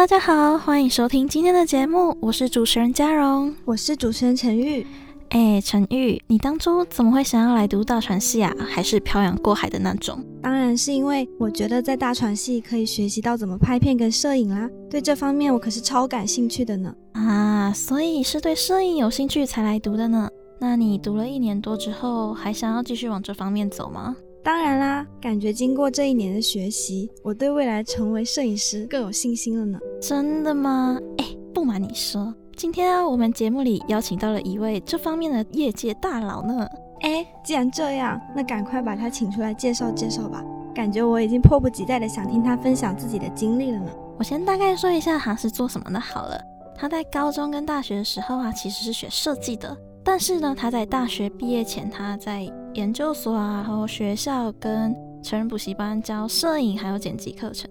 大家好，歡迎收聽今天的節目，我是主持人佳蓉，我是主持人陳鈺。哎，陳鈺，你當初怎麼會想要來讀大傳系啊？還是漂洋過海的那種？當然是因為我覺得在大傳系可以學習到怎麼拍片跟攝影啦，對這方面我可是超感興趣的呢。啊，所以是對攝影有興趣才來讀的呢？那你讀了一年多之後，還想要繼續往這方面走嗎？當然啦，感覺經過這一年的學習，我對未來成為攝影師更有信心了呢。真的嗎？哎，不瞞你說，今天啊，我們節目裡邀請到了一位這方面的業界大佬呢。哎，既然這樣，那趕快把他請出來介紹介紹吧。感覺我已經迫不及待地想聽他分享自己的經歷了呢。我先大概說一下他是做什麼的好了。他在高中跟大學的時候啊，其實是學設計的。但是呢，他在大學畢業前，他在研究所啊，然後學校跟成人補習班教攝影還有剪輯課程。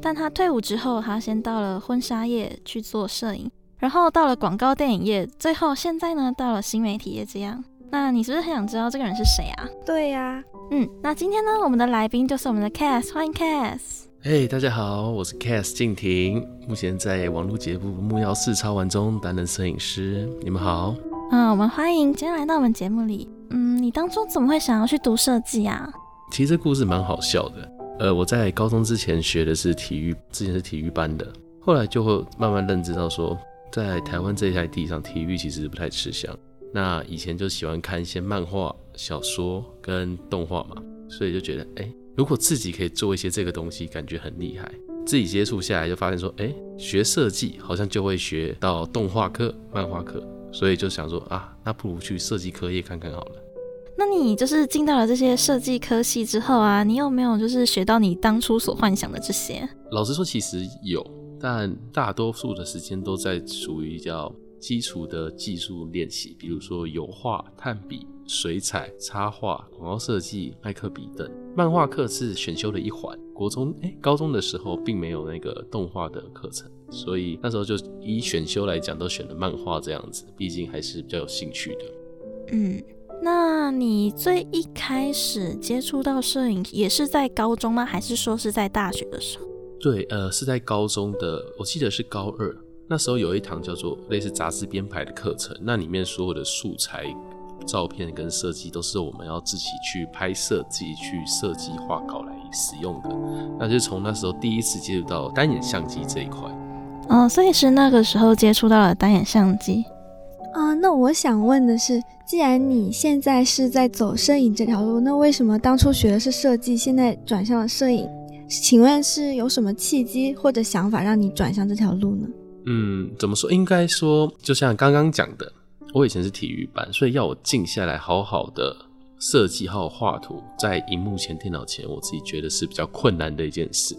但他退伍之後，他先到了婚紗業去做攝影，然後到了廣告電影業，最後現在呢到了新媒體業這樣。那你是不是很想知道這個人是誰啊？對呀、啊，嗯，那今天呢，我們的來賓就是我們的 Cas，歡迎 Cas。嘿，hey, 大家好，我是 Cas 靜婷。目前在網絡節目《木曜四超玩》中擔任攝影師。你們好。嗯、哦，我們歡迎今天來到我們節目裡。嗯，你當初怎麼會想要去讀設計啊？其實這故事蠻好笑的。呃，我在高中之前學的是體育，之前是體育班的，後來就會慢慢認知到說，在台灣這一塊地上，體育其實不太吃香。那以前就喜歡看一些漫畫、小說跟動畫嘛，所以就覺得，哎、欸，如果自己可以做一些這個東西，感覺很厲害。自己接觸下來就發現說，哎、欸，學設計好像就會學到動畫課、漫畫課。所以就想說啊，那不如去設計科業看看好了。那你就是進到了這些設計科系之後啊，你有沒有就是學到你當初所幻想的這些？老實說，其實有，但大多數的時間都在屬於比較。基礎的技術練習，比如說油畫、炭筆、水彩、插畫、廣告設計、麥克筆等。漫畫課是選修的一環。國中哎、欸，高中的時候並沒有那個動畫的課程，所以那時候就以選修來講，都選的漫畫這樣子，畢竟還是比較有興趣的。嗯，那你最一開始接觸到攝影，也是在高中嗎？還是說是在大學的時候？對，呃，是在高中的，我記得是高二。那時候有一堂叫做類似雜誌編排的課程，那裡面所有的素材、照片跟設計都是我們要自己去拍攝、自己去設計畫稿來使用的。那就從那時候第一次接觸到單眼相機這一塊。嗯、呃，所以是那個時候接觸到了單眼相機。啊、呃，那我想問的是，既然你現在是在走攝影這條路，那為什麼當初學的是設計，現在轉向了攝影？請問是有什麼契機或者想法讓你轉向這條路呢？嗯，怎麼說？應該說，就像剛剛講的，我以前是體育班，所以要我靜下來，好好的設計，好畫圖，在熒幕前、電腦前，我自己覺得是比較困難的一件事。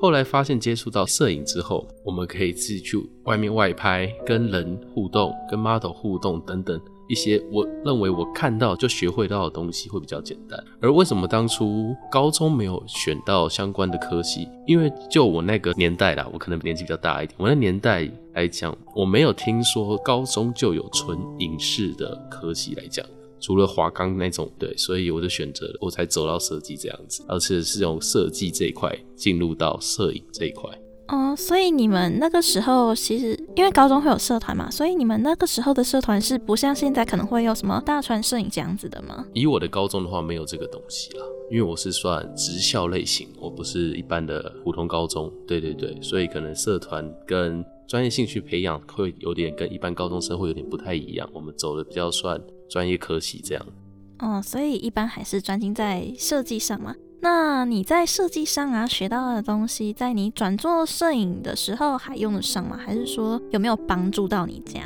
後來發現接觸到攝影之後，我們可以自己去外面外拍，跟人互動，跟 model 互動等等。一些我認為我看到就學會到的東西會比較簡單。而為什麼當初高中沒有選到相關的科系？因為就我那個年代啦，我可能年紀比較大一點。我那年代來講，我沒有聽說高中就有純影視的科系來講，除了華岡那種對。所以我就選擇了，我才走到設計這樣子，而且是從設計這一塊進入到攝影這一塊。哦，所以你們那個時候其實，因為高中會有社團嘛，所以你們那個時候的社團是不像現在可能會有什麼大傳攝影這樣子的嗎？以我的高中的話，沒有這個東西啦，因為我是算職校類型，我不是一般的普通高中。對對對，所以可能社團跟專業興趣培養會有點跟一般高中生會有點不太一樣，我們走的比較算專業科系這樣。哦，所以一般還是專心在設計上嘛。那你在設計上啊學到的東西，在你轉做攝影的時候還用得上嗎？還是說有沒有幫助到你這樣？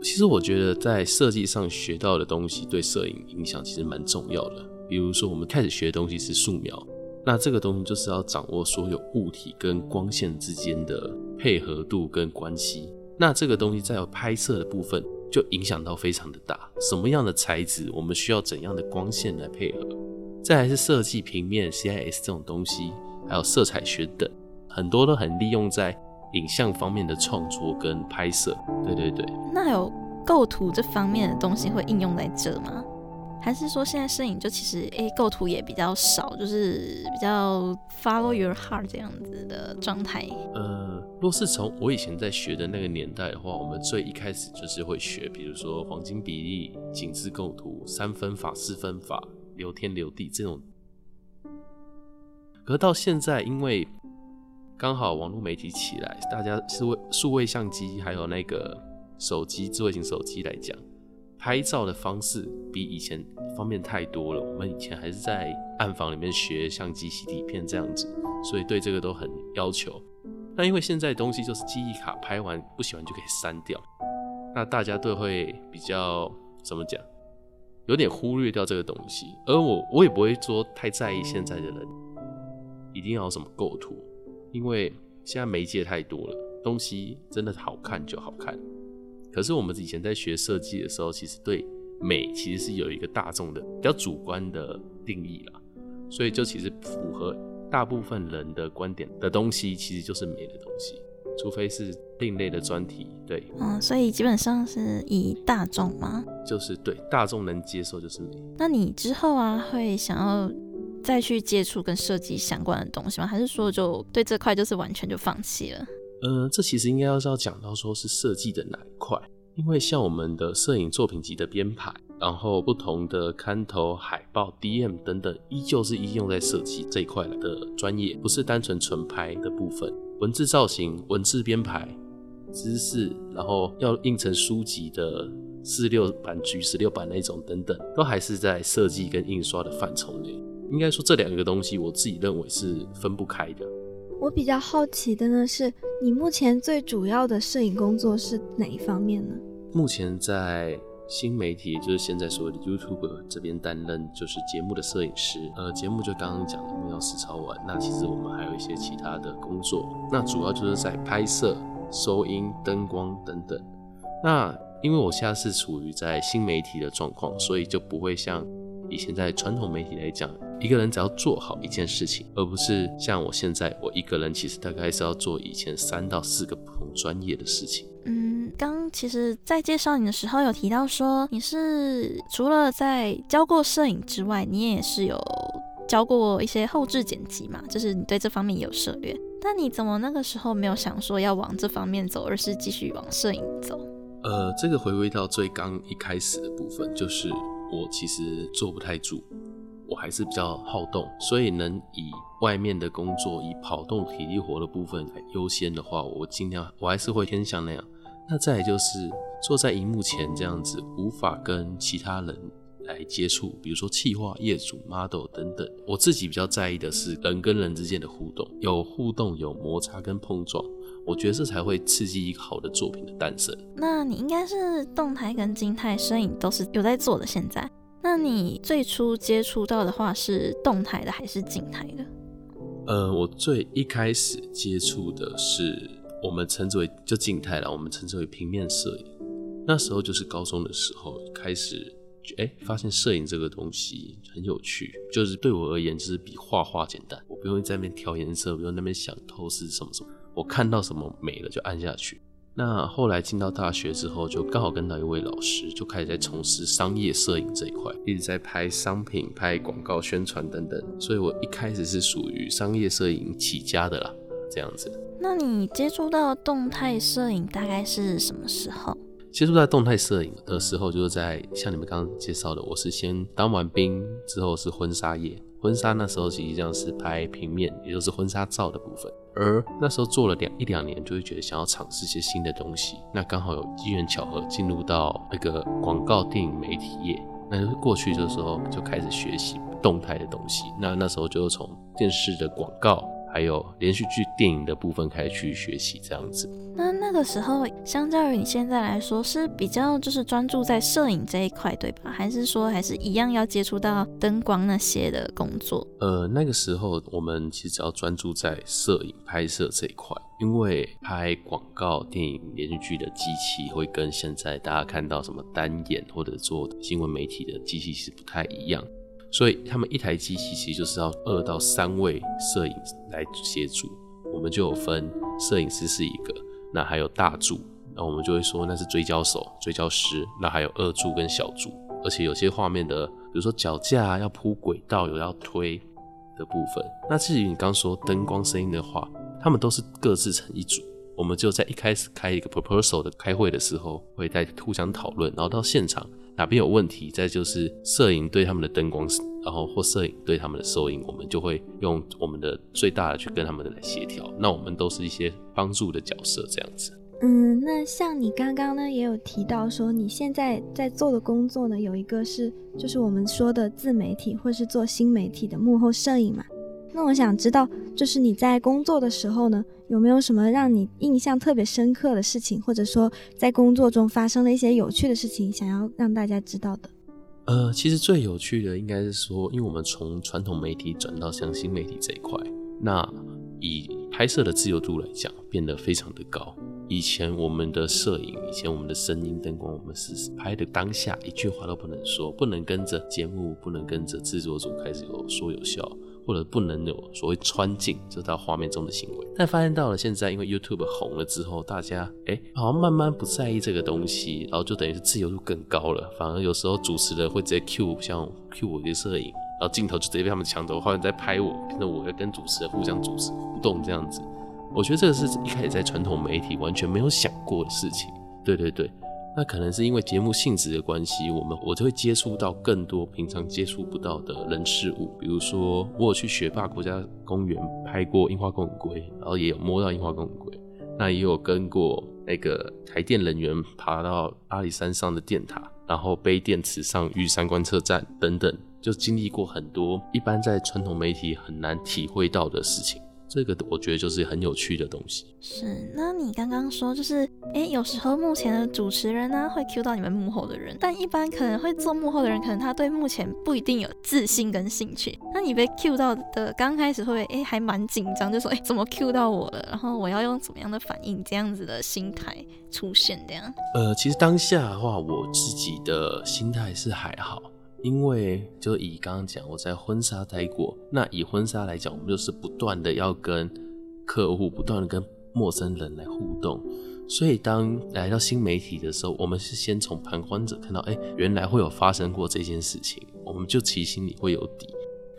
其實我覺得在設計上學到的東西對攝影影響其實蠻重要的。比如說我們開始學的東西是素描，那這個東西就是要掌握所有物體跟光線之間的配合度跟關係。那這個東西在有拍攝的部分就影響到非常的大。什麼樣的材質，我們需要怎樣的光線來配合？再來是設計平面 CIS 這種東西，還有色彩學等，很多都很利用在影像方面的創作跟拍攝。對對對，那有構圖這方面的東西會應用在這嗎？還是說現在攝影就其實誒、欸、構圖也比較少，就是比較 Follow Your Heart 這樣子的狀態？呃，若是從我以前在學的那個年代的話，我們最一開始就是會學，比如說黃金比例、井字構圖、三分法、四分法。留天留地這種，可是到現在，因為剛好網絡媒體起來，大家數位數位相機還有那個手機智慧型手機來講，拍照的方式比以前方便太多了。我們以前還是在暗房裡面學相機洗底片這樣子，所以對這個都很要求。那因為現在的東西就是記憶卡，拍完不喜歡就可以刪掉，那大家都會比較怎麼講？有點忽略掉這個東西，而我我也不會說太在意現在的人一定要有什麼構圖，因為現在媒介太多了，東西真的好看就好看。可是我們以前在學設計的時候，其實對美其實是有一個大眾的比較主觀的定義啦，所以就其實符合大部分人的觀點的東西，其實就是美的東西。除非是另類的專題，對，嗯，所以基本上是以大眾嗎？就是對大眾能接受就是美。那你之後啊，會想要再去接觸跟設計相關的東西嗎？還是說就對這塊就是完全就放棄了？呃，這其實應該要是要講到說是設計的哪一塊，因為像我們的攝影作品集的編排。然後不同的刊頭海報、DM 等等，依舊是應用在設計這一塊的專業，不是單純純拍的部分。文字造型、文字編排、知識，然後要印成書籍的四六版、局十六版那種等等，都還是在設計跟印刷的範疇內。應該說這兩個東西，我自己認為是分不開的。我比較好奇的呢，是你目前最主要的攝影工作是哪一方面呢？目前在。新媒體就是現在所謂的 YouTuber 這邊擔任就是節目的攝影師，呃，節目就剛剛講的要實操完。那其實我們還有一些其他的工作，那主要就是在拍攝、收音、燈光等等。那因為我現在是處於在新媒體的狀況，所以就不會像以前在傳統媒體來講，一個人只要做好一件事情，而不是像我現在，我一個人其實大概是要做以前三到四個不同專業的事情。嗯。剛其實，在介紹你的時候有提到說你是除了在教過攝影之外，你也是有教過一些後製剪輯嘛，就是你對這方面也有涉獵。但你怎麼那個時候沒有想說要往這方面走，而是繼續往攝影走？呃，這個回歸到最剛一開始的部分，就是我其實坐不太住，我還是比較好動，所以能以外面的工作，以跑動體力活的部分來優先的話，我儘量我還是會偏向那樣。那再就是坐在熒幕前這樣子，無法跟其他人來接觸，比如說企劃、業主、model 等等。我自己比較在意的是人跟人之間的互動，有互動，有摩擦跟碰撞，我覺得這才會刺激一個好的作品的誕生。那你應該是動態跟靜態攝影都是有在做的，現在。那你最初接觸到的話是動態的還是靜態的？呃，我最一開始接觸的是。我們稱之為就靜態了，我們稱之為平面攝影。那時候就是高中的時候開始，哎、欸，發現攝影這個東西很有趣，就是對我而言，就是比畫畫簡單。我不用在那邊調顏色，不用在那邊想透視什麼什麼，我看到什麼沒了就按下去。那後來進到大學之後，就剛好跟到一位老師，就開始在從事商業攝影這一塊，一直在拍商品、拍廣告宣傳等等。所以，我一開始是屬於商業攝影起家的啦。這樣子，那你接觸到的動態攝影大概是什麼時候？接觸到動態攝影的時候，就是在像你們剛剛介紹的，我是先當完兵之後是婚紗業，婚紗那時候實際上是拍平面，也就是婚紗照的部分。而那時候做了兩一兩年，就會覺得想要嘗試一些新的東西。那剛好有機緣巧合進入到那個廣告電影媒體業，那就是過去的時候就開始學習動態的東西。那那時候就從電視的廣告，還有連續劇、電影的部分開始去學習這樣子。那那個時候，相較於你現在來說，是比較就是專注在攝影這一塊，對吧？還是說還是一樣要接觸到燈光那些的工作？呃，那個時候我們其實只要專注在攝影拍攝這一塊，因為拍廣告、電影、連續劇的機器會跟現在大家看到什麼單眼或者做新聞媒體的機器是不太一樣。所以他們一台機器其實就是要二到三位攝影師來協助，我們就有分攝影師是一個，那還有大助，然後，我們就會說那是追焦手、追焦師，那還有二助跟小助，而且有些畫面的，比如說腳架要鋪軌道，有要推的部分，那至於你剛說燈光、聲音的話，他們都是各自成一組，我們就在一開始開一個 proposal 的開會的時候，會在互相討論，然後到現場，哪邊有問題，再就是攝影對他們的燈光，然後或攝影對他們的收音，我們就會用我們的最大的去跟他們的來協調。那我們都是一些幫助的角色這樣子。嗯，那像你剛剛呢也有提到說你現在在做的工作呢，有一個是就是我們說的自媒體或是做新媒體的幕後攝影嘛。那我想知道，就是你在工作的時候呢，有沒有什麼讓你印象特別深刻的事情，或者說在工作中發生了一些有趣的事情，想要讓大家知道的？呃，其實最有趣的應該是說，因為我們從傳統媒體轉到像新媒體這一塊，那以拍攝的自由度來講，變得非常的高。以前我們的攝影，以前我們的聲音、燈光，我們是拍的當下，一句話都不能說，不能跟着節目，不能跟着製作組開始有說有笑。或者不能有所謂穿鏡這道畫面中的行為，但發現到了現在，因為 YouTube 紅了之後，大家哎、欸、好像慢慢不在意這個東西，然後就等於是自由度更高了。反而有時候主持人會直接 Q 像 Q 我，我一些攝影，然後鏡頭就直接被他們搶走，好像在拍我，那我會跟主持人互相主持互動這樣子。我覺得這個是一開始在傳統媒體完全沒有想過的事情。對對對。那可能是因為節目性質的關係，我們我就會接觸到更多平常接觸不到的人事物。比如說，我有去雪霸國家公園拍過櫻花鉤吻鮭，然後也有摸到櫻花鉤吻鮭。那也有跟過那個台電人員爬到阿里山上的電塔，然後背電池上玉山觀測站等等，就經歷過很多一般在傳統媒體很難體會到的事情。這個我覺得就是很有趣的東西。是，那你剛剛說就是，哎、欸，有時候幕前的主持人呢、啊、會 Q 到你們幕後的人，但一般可能會做幕後的人，可能他對幕前不一定有自信跟興趣。那你被 Q 到的，剛開始會不會哎、欸、還蠻緊張，就說哎、欸、怎麼 Q 到我了？然後我要用怎麼樣的反應？這樣子的心態出現這樣。呃，其實當下的話，我自己的心態是還好。因為就以剛剛講，我在婚紗待過，那以婚紗來講，我們就是不斷的要跟客戶，不斷的跟陌生人來互動，所以當來到新媒體的時候，我們是先從旁觀者看到，哎，原來會有發生過這件事情，我們就其實心裡會有底。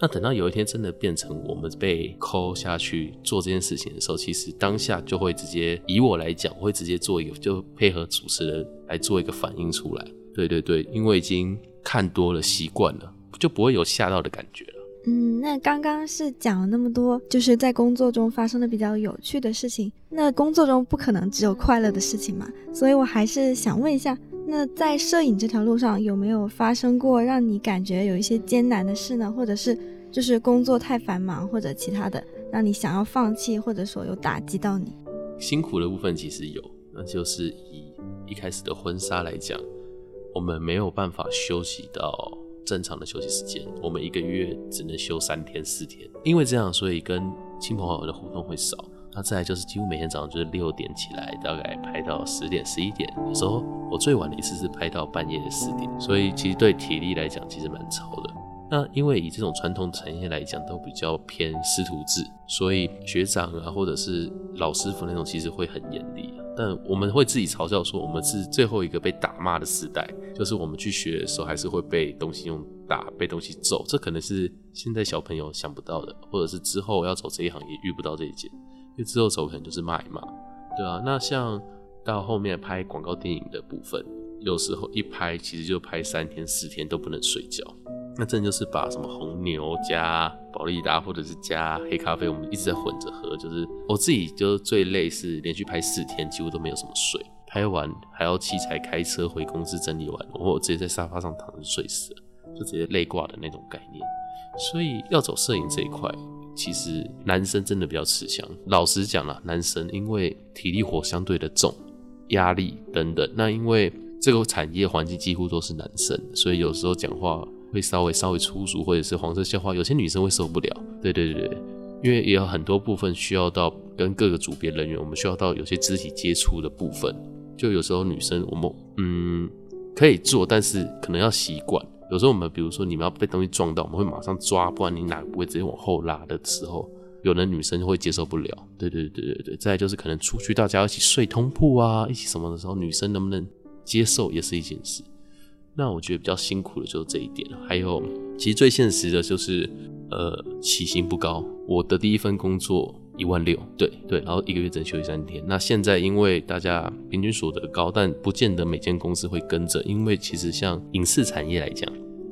那等到有一天真的變成我們被 call 下去做這件事情的時候，其實當下就會直接，以我來講，我會直接做一個，就配合主持人來做一個反應出來。對對對，因為已經。看多了習慣了，就不會有嚇到的感覺了。嗯，那剛剛是講了那麼多，就是在工作中發生的比較有趣的事情。那工作中不可能只有快樂的事情嘛，所以我還是想問一下，那在攝影這條路上有沒有發生過讓你感覺有一些艱難的事呢？或者是就是工作太繁忙，或者其他的讓你想要放棄，或者說有打擊到你？辛苦的部分其實有，那就是以一開始的婚紗來講。我們沒有辦法休息到正常的休息時間，我們一個月只能休三天四天。因為這樣，所以跟親朋好友的互動會少。那再來就是幾乎每天早上就是六點起來，大概拍到十點十一點，有時候我最晚的一次是拍到半夜的四點。所以其實對體力來講，其實蠻操的。那因為以這種傳統產業來講，都比較偏師徒制，所以學長啊，或者是老師傅那種，其實會很嚴厲啊。但我們會自己嘲笑說，我們是最後一個被打罵的時代，就是我們去學的時候，還是會被東西用打，被東西揍。這可能是現在小朋友想不到的，或者是之後要走這一行也遇不到這一件。因為之後走可能就是罵一罵，對啊。那像到後面拍廣告電影的部分，有時候一拍其實就拍三天四天都不能睡覺。那真的就是把什麼紅牛加保力達，或者是加黑咖啡，我們一直在混着喝。就是我自己就最累，是連續拍四天，幾乎都沒有什麼睡。拍完還要器材開車回公司整理完，然後我直接在沙發上躺着睡死了，就直接累掛的那種概念。所以要走攝影這一塊，其實男生真的比較吃香。老實講啦，男生因為體力活相對的重，壓力等等。那因為這個產業環境幾乎都是男生，所以有時候講話，會稍微稍微粗俗或者是黃色笑話，有些女生會受不了。對對對，因為也有很多部分需要到跟各個組別人員，我們需要到有些肢體接觸的部分，就有時候女生我們嗯可以做，但是可能要習慣。有時候我們比如說你們要被東西撞到，我們會馬上抓，不然你哪個不會直接往後拉的時候，有的女生會接受不了。對對對對對，再來就是可能出去大家一起睡通鋪啊，一起什麼的時候，女生能不能接受也是一件事。那我覺得比較辛苦的就是這一點，還有其實最現實的就是，呃，起薪不高。我的第一份工作一萬六，對對，然後一個月只能休息三天。那現在因為大家平均所得高，但不見得每間公司會跟着。因為其實像影視產業來講，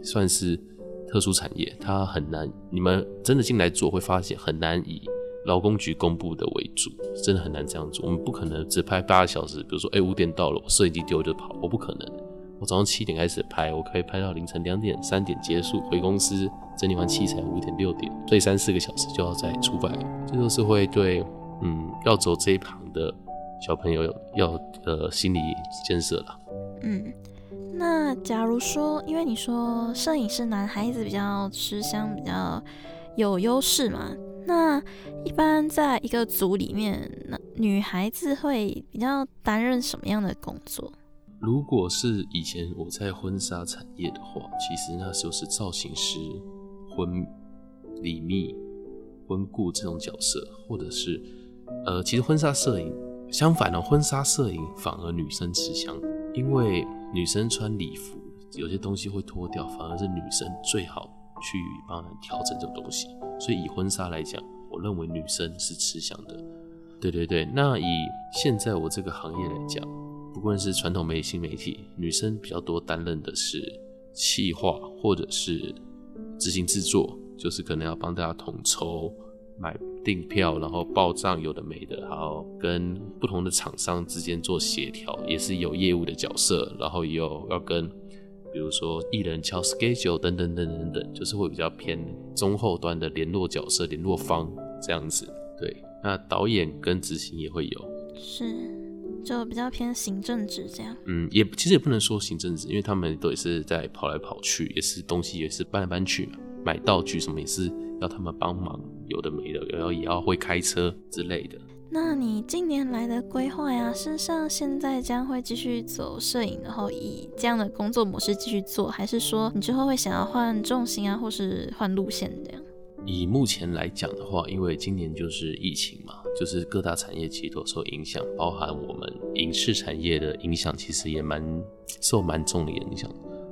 算是特殊產業，它很難。你們真的進來做，會發現很難以勞工局公布的為主，真的很難這樣做。我們不可能只拍八個小時，比如說，哎，五點到了，我攝影機丟就跑，我不可能。我早上七點開始拍，我可以拍到凌晨兩點、三點結束，回公司整理完器材，五點、六點，睡三四個小時就要再出發了。這就是會，對，嗯，要走這一行的小朋友要呃心理建設了。嗯，那假如說，因為你說攝影師男孩子比較吃香，比較有優勢嘛，那一般在一個組裡面，那女孩子會比較擔任什麼樣的工作？如果是以前我在婚紗產業的話，其實那時候是造型師、婚、禮祕、婚顧這種角色，或者是，呃，其實婚紗攝影，相反哦、喔，婚紗攝影反而女生吃香，因為女生穿禮服，有些東西會脫掉，反而是女生最好去幫人調整這種東西。所以以婚紗來講，我認為女生是吃香的。對對對，那以現在我這個行業來講。不管是傳統媒體、新媒體，女生比較多擔任的是企劃或者是執行製作，就是可能要幫大家統籌買訂票，然後報賬，有的沒的，然後跟不同的廠商之間做協調，也是有業務的角色，然後也有要跟比如說藝人敲 schedule 等等等等等，就是會比較偏中後端的聯絡角色、聯絡方這樣子。對，那導演跟執行也會有，是。就比較偏行政職這樣，嗯，也其實也不能說行政職，因為他們都也是在跑來跑去，也是東西也是搬來搬去嘛，買道具什麼也是要他們幫忙，有的沒的，然後也要也要會開車之類的。那你近年來的規劃呀，是像現在將會繼續走攝影，然後以這樣的工作模式繼續做，還是說你之後會想要換重心啊，或是換路線這樣？以目前來講的話，因為今年就是疫情嘛。就是各大產業其實都受影響，包含我們影視產業的影響，其實也蠻受蠻重的影響。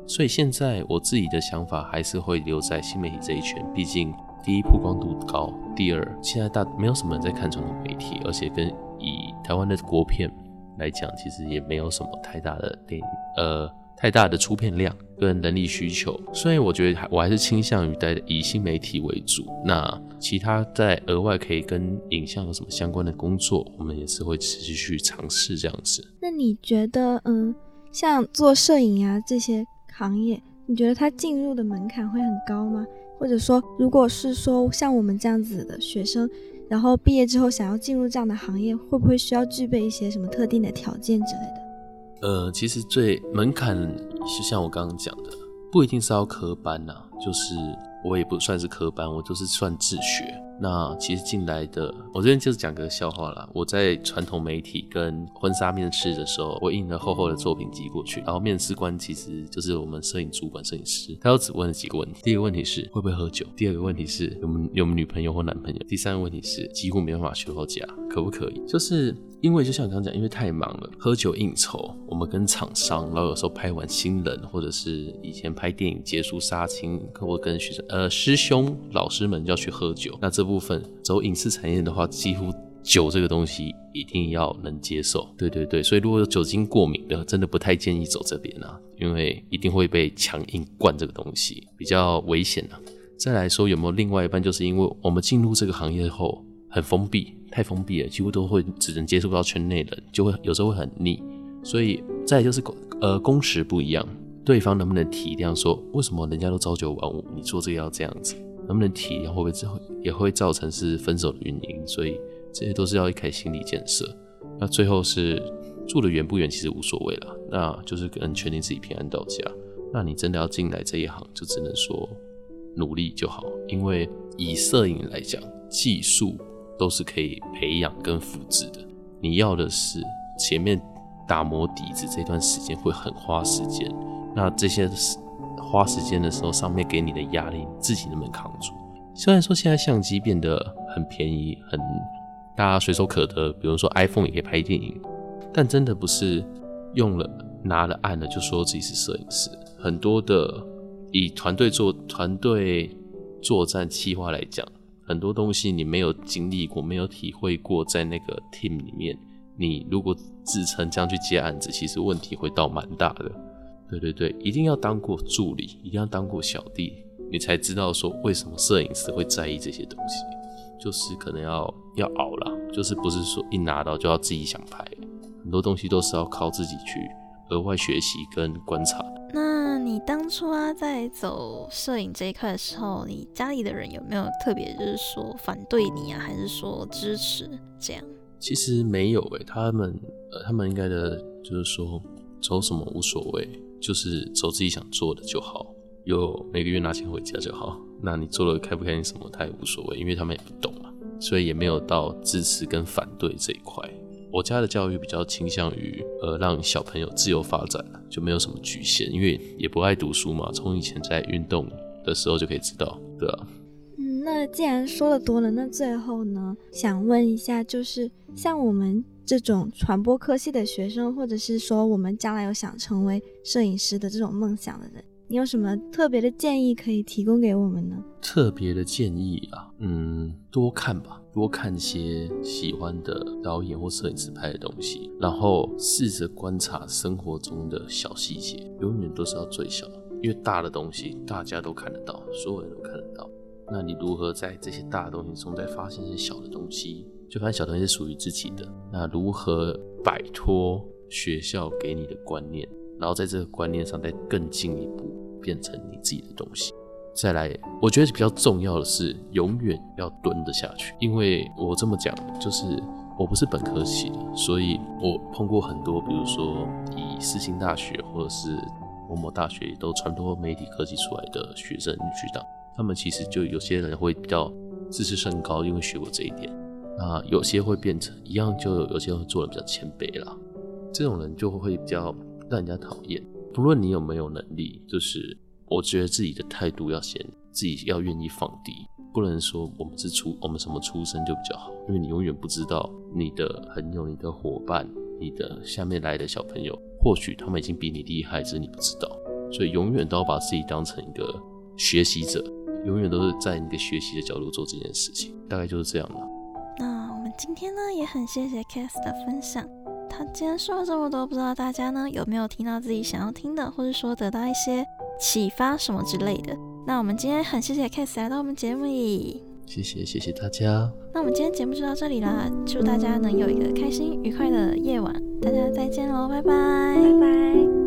所以現在我自己的想法還是會留在新媒體這一圈，畢竟第一曝光度高，第二現在大沒有什麼人在看傳統媒體，而且跟以台灣的國片來講，其實也沒有什麼太大的電影呃。太大的出片量個人能力需求，所以我覺得還我還是傾向於在以新媒體為主，那其他在額外可以跟影像有什麼相關的工作，我們也是會持續去嘗試這樣子。那你覺得，嗯，像做攝影啊這些行業，你覺得它進入的門檻會很高嗎？或者說，如果是說像我們這樣子的學生，然後畢業之後想要進入這樣的行業，會不會需要具備一些什麼特定的條件之類的？呃，其實最門檻是像我剛剛講的，不一定是要科班吶、啊，就是我也不算是科班，我就是算自學。那其實進來的，我這邊就是講個笑話啦。我在傳統媒體跟婚紗面試的時候，我印了厚厚的作品集過去，然後面試官其實就是我們攝影主管攝影師，他都只問了幾個問題。第一個問題是會不會喝酒，第二個問題是有沒有，有沒有女朋友或男朋友，第三個問題是幾乎沒辦法休假，可不可以？就是因為就像剛才講，因為太忙了，喝酒應酬，我們跟廠商，然後有時候拍完新人，或者是以前拍電影結束殺青，或跟學生呃師兄老師們要去喝酒，那這。部分走影視產業的話，幾乎酒這個東西一定要能接受。對對對，所以如果有酒精過敏的，真的不太建議走這邊啊，因為一定會被強硬灌這個東西，比較危險啊。再來說有沒有另外一半，就是因為我們進入這個行業後很封閉，太封閉了，幾乎都會只能接觸到圈內人，就會有時候會很膩。所以再來就是工呃工時不一樣，對方能不能體諒說為什麼人家都朝九晚五，你做這個要這樣子？能不能體驗會不會之後也會造成是分手的原因？所以這些都是要一開心理建設。那最後是住的遠不遠，其實無所謂了，那就是跟確定自己平安到家。那你真的要進來這一行，就只能說努力就好，因為以攝影來講，技術都是可以培養跟複製的。你要的是前面打磨底子這段時間會很花時間，那這些是。花時間的時候，上面給你的壓力自己能不能扛住？雖然說現在相機變得很便宜，很大家隨手可得，比如說 iPhone 也可以拍電影，但真的不是用了拿了按了就說自己是攝影師。很多的以團隊做團隊作戰企劃來講，很多東西你沒有經歷過，沒有體會過，在那個 team 裡面，你如果自稱這樣去接案子，其實問題會倒蠻大的。對對對，一定要當過助理，一定要當過小弟，你才知道說為什麼攝影師會在意這些東西，就是可能要要熬啦，就是不是說一拿到就要自己想拍，很多東西都是要靠自己去額外學習跟觀察。那你當初啊，在走攝影這一塊的時候，你家裡的人有沒有特別就是說反對你啊，還是說支持這樣？其實沒有誒、欸，他們、呃、他們應該的，就是說走什麼無所謂。就是走自己想做的就好，又每個月拿錢回家就好。那你做了開不開心什麼，他也無所謂，因為他們也不懂嘛，所以也沒有到支持跟反對這一塊。我家的教育比較傾向於呃，讓小朋友自由發展，就沒有什麼侷限，因為也不愛讀書嘛。從以前在運動的時候就可以知道，對啊。嗯，那既然說得多了，那最後呢，想問一下，就是像我們。這種傳播科系的學生，或者是說我們將來有想成為攝影師的這種夢想的人，你有什麼特別的建議可以提供給我們呢？特別的建議啊，嗯，多看吧，多看一些喜歡的導演或攝影師拍的東西，然後試着觀察生活中的小細節，永遠都是要最小的，因為大的東西大家都看得到，所有人都看得到，那你如何在這些大的東西中再發現一些小的東西？就看小程序，是屬於自己的。那如何擺脫學校給你的觀念，然後在這個觀念上再更進一步變成你自己的東西？再來，我覺得比較重要的是，永遠要蹲得下去。因為我這麼講，就是我不是本科系的，所以我碰過很多，比如說以世新大學或者是某某大學都傳播媒體科技出來的學生、學長，他們其實就有些人會比較自視甚高，因為學過這一點。啊，有些會變成一樣就，就有些會做人比較謙卑啦，這種人就會比較讓人家討厭。不論你有沒有能力，就是我覺得自己的態度要先自己要願意放低，不能說我們是出我們什麼出身就比較好，因為你永遠不知道你的朋友、你的夥伴、你的下面來的小朋友，或許他們已經比你厲害，只是你不知道。所以永遠都要把自己當成一個學習者，永遠都是在一個學習的角度做這件事情，大概就是這樣啦。今天呢，也很謝謝 Cas 的分享。他今天說了這麼多，不知道大家呢有沒有聽到自己想要聽的，或者說得到一些啟發什麼之類的。那我們今天很謝謝 Cas 來到我們節目裡，謝謝，謝謝大家。那我們今天節目就到這裡啦，祝大家能有一個開心愉快的夜晚。大家再見嘍，拜拜，拜拜。